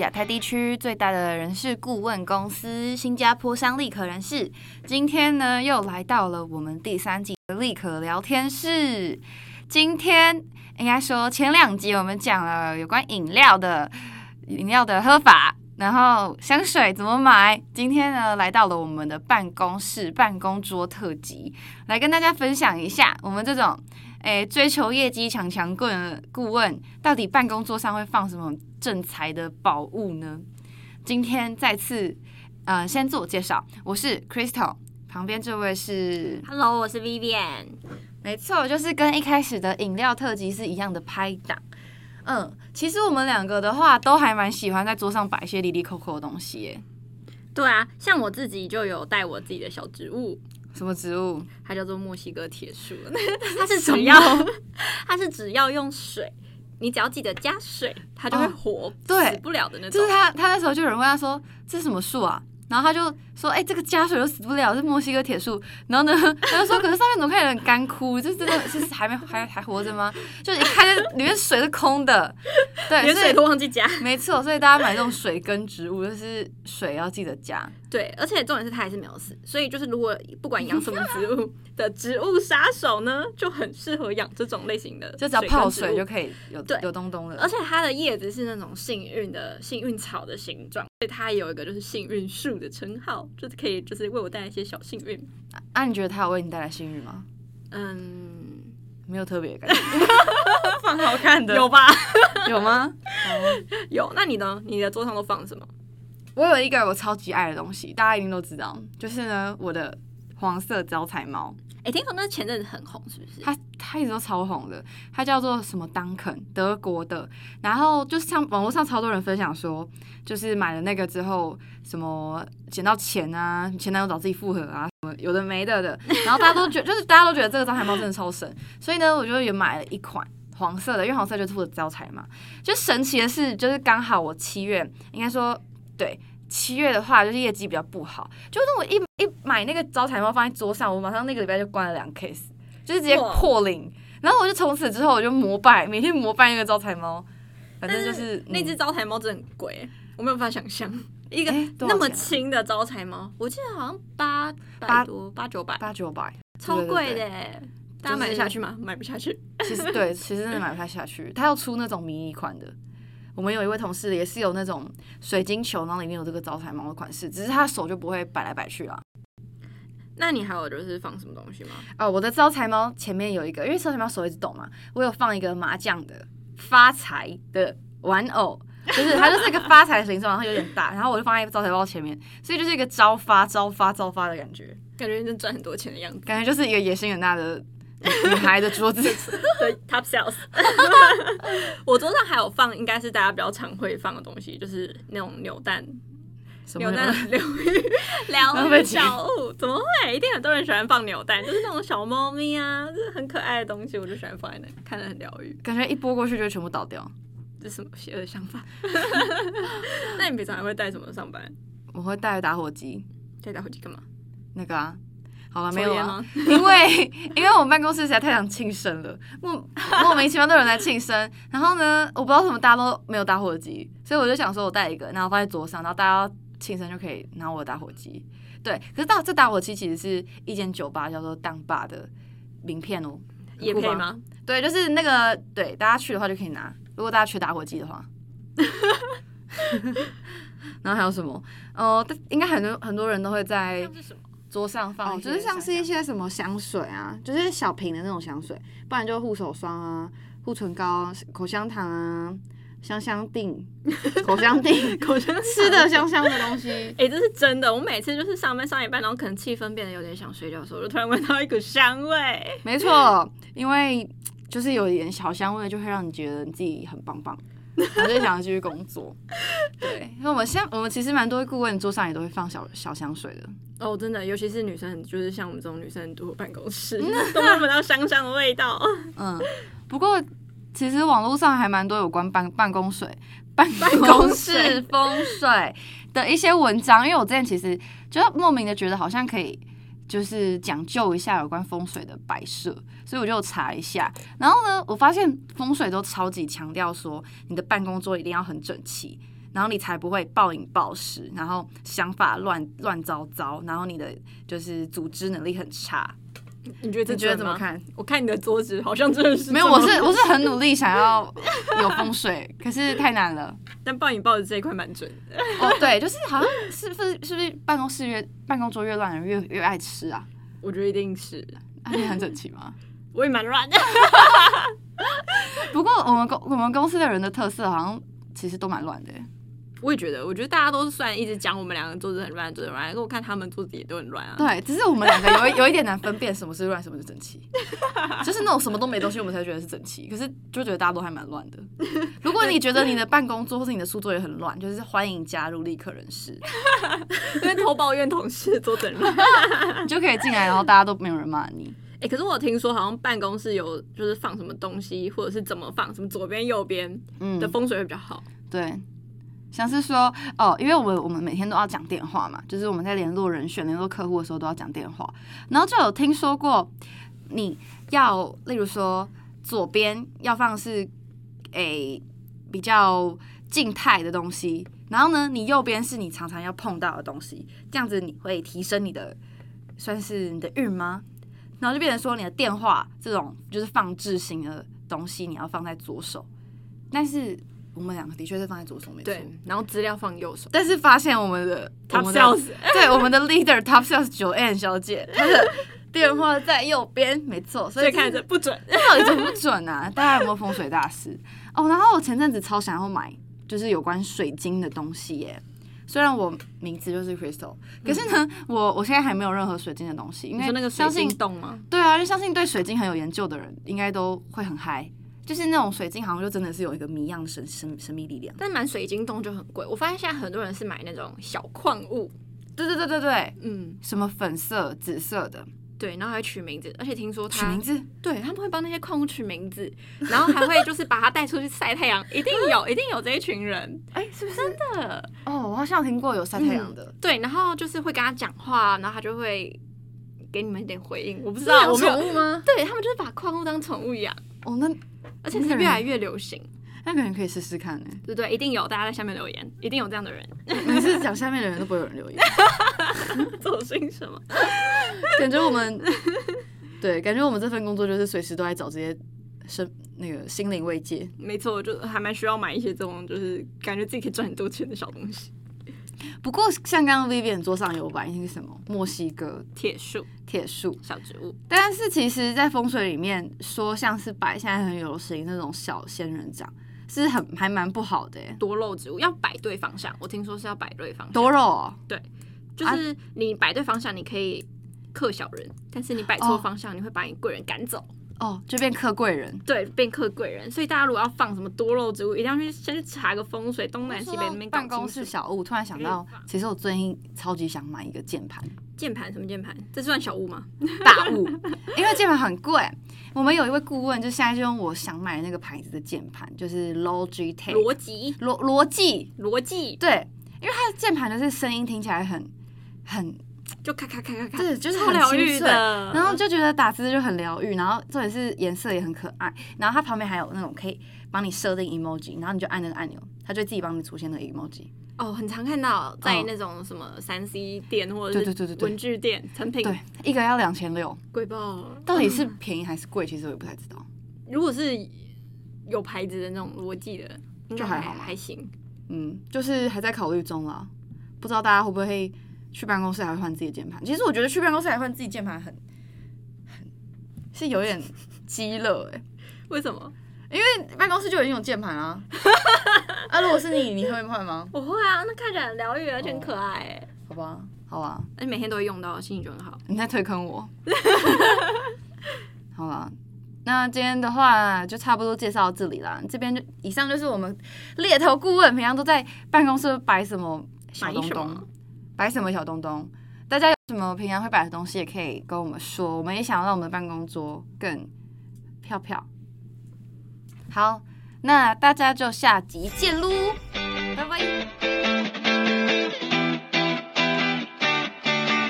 亞太地區，最大的人事顧問公司——新加坡商立可人事，今天呢，又來到了我們第三集的立可聊天室。今天應該、哎，說前兩集我們講了有關飲料的飲料的喝法。然後香水怎麼買？今天呢來到了我們的辦公室辦公桌特輯，來跟大家分享一下，我們這種誒追求業績強強滾顧問，到底辦公桌上會放什麼正財的寶物呢？今天再次，呃，先自我介紹，我是 Crystal，旁邊這位是 Hello，我是 Vivian，沒錯，就是跟一開始的飲料特輯是一樣的拍檔。嗯，其實我們兩個的話，都還蠻喜歡在桌上擺一些里里扣扣的東西耶。哎，對啊，像我自己就有帶我自己的小植物。什麼植物？它叫做墨西哥鐵樹。 它是只要，什麼？它是只要用水，你只要記得加水，它就會活，哦，死不了的那種。就是他，它那時候就有人問他說：“這是什麼樹啊？”然後他就說：“哎、欸，這個加水都死不了，是墨西哥鐵樹。然後呢，他就說：‘可是上面怎麼看起來乾枯？就這、這、是還沒還還活着嗎？’就一看，裡面水是空的，對，水都忘記加。沒錯，所以大家買這種水耕植物，就是水要記得加。”對，而且重點是它還是沒有死，所以就是如果不管養什麼植物的植物殺手呢，就很適合養這種類型的，就只要泡水就可以有對有東東了。而且它的葉子是那種幸運的幸運草的形狀，所以它有一個就是幸運樹的稱號，就是可以就是為我帶來一些小幸運。那、啊、你覺得它有為你帶來幸運嗎？嗯，沒有特別感覺， 放好看的有吧？有嗎？Oh. 有。那你呢？你的桌上都放了什麼？我有一個我超級愛的東西，大家一定都知道，就是呢，我的黃色招財貓。誒、欸、聽說那前陣子很紅，是不是？它它一直都超紅的，它叫做什麼？當肯德國的。然後就是像網絡上超多人分享說，就是買了那個之後，什麼撿到錢啊，前男友找自己復合啊，什麼有的沒的的。然後大家都覺得， 就是大家都覺得這個招財貓真的超神，所以呢，我就也買了一款黃色的，因為黃色就是我的招財嘛。就神奇的是，就是剛好我七月應該說。對，七月的話，就是業績比較不好。就是我一一買那個招財貓放在桌上，我馬上那個禮拜就關了兩 case，就是直接破零哇。然後我就從此之後我就膜拜，每天膜拜一個招財貓。反正就是，但是、嗯、那隻招財貓真的很貴，我沒有辦法想象一個那麼輕的招財貓。欸啊、我記得好像八多八多八九百八九百，超貴的耶。對對對，大家買得下去嗎？就是、買不下去。其實對，其實真的買不太下去。他要對出那種迷你款的。我們有一位同事也是有那種水晶球，然後裡面有這個招財貓的款式，只是他的手就不會擺來擺去啦。那你還有就是放什麼東西嗎？哦，我的招財貓前面有一個，因為招財貓手一直抖嘛，我有放一個麻將的發財的玩偶，就是它就是一個發財的形狀，然後有點大， 然後我就放在一個招財貓前面，所以就是一個招發招發招發的感覺，感覺能賺很多錢的樣子，感覺就是一個野心很大的。女孩的桌子 ，Top Sales。 我桌上還有放，應該是大家比較常會放的東西，就是那種扭蛋、扭蛋、療癒、療癒小物。麼怎麼會？一定很多人喜歡放扭蛋，就是那種小貓咪啊，就是很可愛的東西，我就喜歡放在那裡，看得很療癒。感覺一撥過去就全部倒掉，這是什麼邪惡的想法？ 那你平常還會帶什麼上班？我會帶打火機。帶打火機幹嘛？那個啊。好吧，沒有啦，因為因為我們辦公室實在太想慶生了，莫莫名其妙都有人來慶生，然後呢，我不知道為什麼大家都沒有打火機，所以我就想說我帶一個，然後放在桌上，然後大家慶生就可以拿我的打火機。對，可是到這打火機其實是一間酒吧叫做“當爸”的名片哦、喔，也可以嗎？對，就是那個對，大家去的話就可以拿，如果大家缺打火機的話， 然後還有什麼？哦、呃，應該很多很多人都會在。桌上放，哦，就是像是一些什麼香水啊，嗯、就是小瓶的那種香水，不然就護手霜啊、護唇膏、啊、口香糖啊、香香錠、口香錠、口香 吃的香香的東西。哎， 欸，這是真的，我每次就是上班上一半，然後可能氣氛變得有點想睡覺的時候，我就突然聞到一股香味。沒錯，因為就是有一點小香味，就會讓你覺得你自己很棒棒。我就 想要繼續工作，對，那我們現我們其實蠻多顧問桌上也都會放小小香水的哦，oh, 真的，尤其是女生，就是像我們這種女生很多辦公室 都聞不到香香的味道，嗯。不過，其實網絡上還蠻多有關辦辦公水、辦辦公室風水的一些文章，因為我之前其實就莫名的覺得好像可以。就是講究一下有關風水的擺設，所以我就查一下，然後呢，我發現風水都超級強調說，你的辦公桌一定要很整齊，然後你才不會暴飲暴食，然後想法亂亂糟糟，然後你的就是組織能力很差。你覺得你覺得怎麼看？我看你的桌子，好像真的是 沒有，我是我是很努力想要有風水， 可是太難了。但暴飲暴食這一塊蠻準的。哦 ，oh, 對，就是好像是不是是不是辦公室越辦公桌越亂，越越愛吃啊？我覺得一定是。你、啊、很整齊嗎？我也蠻亂的。 不過我們公我們公司的人的特色好像其實都蠻亂的。我也覺得，我覺得大家都是算一直講我們兩個桌子很亂，桌子很亂。可是我看他們桌子也都很亂啊。對，只是我們兩個有有一點難分辨什麼是亂，什麼是整齊。 就是那種什麼都沒東西，我們才覺得是整齊。對可是就覺得大家都還蠻亂的。 對如果你覺得你的辦公桌或是你的書桌也很亂，就是歡迎加入立可人士， 因為偷抱怨同事桌子很亂， 你就可以進來，然後大家都沒有人罵你。哎、欸，可是我聽說好像辦公室有就是放什麼東西，或者是怎麼放，什麼左邊右邊，的風水會比較好。嗯、對。像是說哦，因為我們我們每天都要講電話嘛，就是我們在聯絡人選、聯絡客戶的時候都要講電話，然後就有聽說過你要，例如說左邊要放是誒、欸、比較靜態的東西，然後呢，你右邊是你常常要碰到的東西，這樣子你會提升你的算是你的運嗎？然後就變成說你的電話這種就是放置型的東西，你要放在左手，但是。我們兩個的確是放在左手對沒錯錯，然後資料放右手，但是發現我們的 top sales, 我 S, South . 對我們的 leader top sales 是九 n 小姐，她的電話在右邊 沒錯，所以看着不準，到底怎麼不準呢？啊，大家有沒有風水大師？哦、oh，然後我前陣子超想要買，就是有關水晶的東西耶。雖然我名字就是 crystal、嗯、可是呢，我我現在還沒有任何水晶的東西。因為那個水晶洞嗎？對啊，因為相信對水晶很有研究的人，應該都會很嗨。就是那種水晶，好像就真的是有一個謎樣神神神秘力量，但是買水晶洞就很貴。我發現現在很多人是買那種小礦物，對對對對對，嗯，什麼粉色、紫色的，對，然後還取名字，而且聽說他取名字，對他們會幫那些礦物取名字，然後還會就是把它帶出去曬太陽， 一定有，嗯、一定有這一群人，哎、欸，是不是真的？哦，我好像有聽過有曬太陽的、嗯，對，然後就是會跟他講話，然後他就會給你們一點回應，我不知道，寵物嗎？對他們就是把礦物當寵物養，哦，那。而且是越來越流行，那可能可以試試看呢。對對，一定有，大家在下面留言，一定有這樣的人。每次講下面的人都不會有人留言， 走心什麼？感覺我們對，感覺我們這份工作就是隨時都在找這些心那個心靈慰藉。沒錯，就還蠻需要買一些這種，就是感覺自己可以賺很多錢的小東西。不過，像剛剛 Vivian 桌上有擺的是什麼？墨西哥鐵樹，鐵樹小植物。但是其實，在風水裡面說，像是擺現在很有型那種小仙人掌，是很還蠻不好的。多肉植物要擺對方向，我聽說是要擺對方向。多肉哦，對，就是你擺對方向，你可以克小人；但是你擺錯方向，你會把你貴人趕走。哦。哦，oh, 就變客貴人，對，便客貴人。所以大家如果要放什麼多肉植物，一定要去先去查個風水，東南西北那邊辦公室小物。突然想到，其實我最近超級想買一個鍵盤，鍵盤？什麼鍵盤？這是算小物嗎？大物， 因為鍵盤很貴。我們有一位顧問，就現在就用我想買的那個牌子的鍵盤，就是 Logitech，羅技，羅羅技，羅技。技對，因為它的鍵盤就是聲音聽起來很很。就咔咔咔咔咔，對，就是很療癒的。然後就覺得打字就很療癒，然後重點是顏色也很可愛。然後它旁邊還有那種可以幫你設定 emoji，然後你就按那個按鈕，它就自己幫你出現那個 emoji。哦，很常看到在那種什麼三 C 店或者是文具店對對對對對成品。對，一個要兩千六，貴爆。到底是便宜還是貴？其實我也不太知道。如果是有牌子的那種，我記得，嗯、就還好，還行。嗯，就是還在考慮中了，不知道大家會不會。去辦公室還會換自己鍵盤，其實我覺得去辦公室還換自己鍵盤很，很，是有點雞肋、欸、為什麼？因為辦公室就已經有鍵盤啊。 啊，如果是你， 你會換嗎？我會啊，那看起來很療癒，而且很可愛、欸、好吧，好吧、啊，你每天都會用到，心情就很好。你在推坑我。 好吧、啊？那今天的話就差不多介紹到這裡啦。這邊就以上就是我們獵頭顧問平常都在辦公室擺什麼小東東。擺什麼小東東？大家有什麼平常會擺的東西，也可以跟我們說。我們也想要讓我們的辦公桌更漂漂。好，那大家就下集見嘍，拜拜。